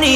money.